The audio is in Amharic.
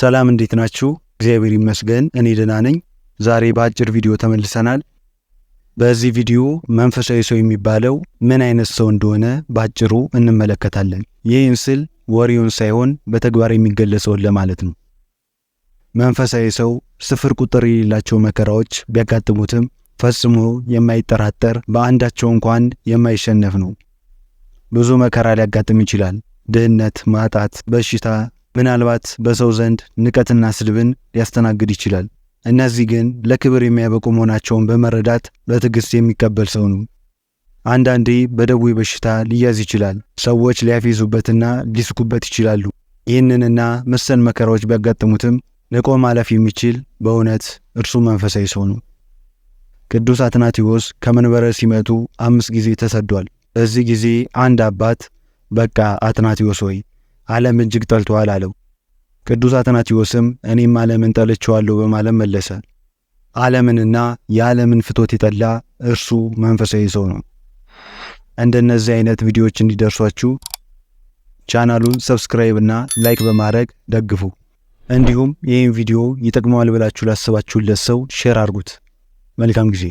ሰላም እንዴት ናችሁ? እግዚአብሔር ይመስገን እኔ ደህና ነኝ። ዛሬ በአጭር ቪዲዮ ተመልሰናል። በዚህ ቪዲዮ መንፈሳዊ ሰው የሚባለው ምን አይነት ሰው እንደሆነ በአጭሩ እንመለከታለን። ይህን ስል ወሬውን ሳይሆን በተግባር የሚገለጸውን ለማለት ነው። መንፈሳዊ ሰው ስፍር ቁጥር የሌላቸው መከራዎች ቢያጋጥሙትም ፈጽሞ የማይጠራጠር በአንዳቸው እንኳን የማይሸነፍ ነው። ብዙ መከራ ሊያጋጥም ይችላል። ድህነት፣ ማጣት፣ በሽታ፣ ምናልባት በሰው ዘንድ ንቀትና ስድብን ሊያስተናግድ ይችላል። እነዚህ ግን ለክብር የሚያበቁ መሆናቸውን በመረዳት በትዕግሥት የሚቀበል ሰው ነው። አንዳንዴ በደዌ በሽታ ሊያዝ ይችላል። ሰዎች ሊያፌዙበትና ሊስኩበት ይችላሉ። ይህንንና መሰል መከራዎች ቢያጋጥሙትም ንቆ ማለፍ የሚችል በእውነት እርሱ መንፈሳዊ ሰው ነው። ቅዱስ አትናቴዎስ ከመንበረ ሲመቱ አምስት ጊዜ ተሰዷል። በዚህ ጊዜ አንድ አባት በቃ አትናቴዎስ ሆይ ዓለም እጅግ ጠልቶዋል አለው። ቅዱስ አትናቴዎስም እኔም ዓለምን ጠልቼዋለሁ በማለት መለሰ። ዓለምንና የዓለምን ፍቶት የጠላ እርሱ መንፈሳዊ ሰው ነው። እንደነዚህ አይነት ቪዲዮዎች እንዲደርሷችሁ ቻናሉን ሰብስክራይብ እና ላይክ በማድረግ ደግፉ። እንዲሁም ይህን ቪዲዮ ይጠቅመዋል ብላችሁ ላሰባችሁለት ሰው ሼር አድርጉት። መልካም ጊዜ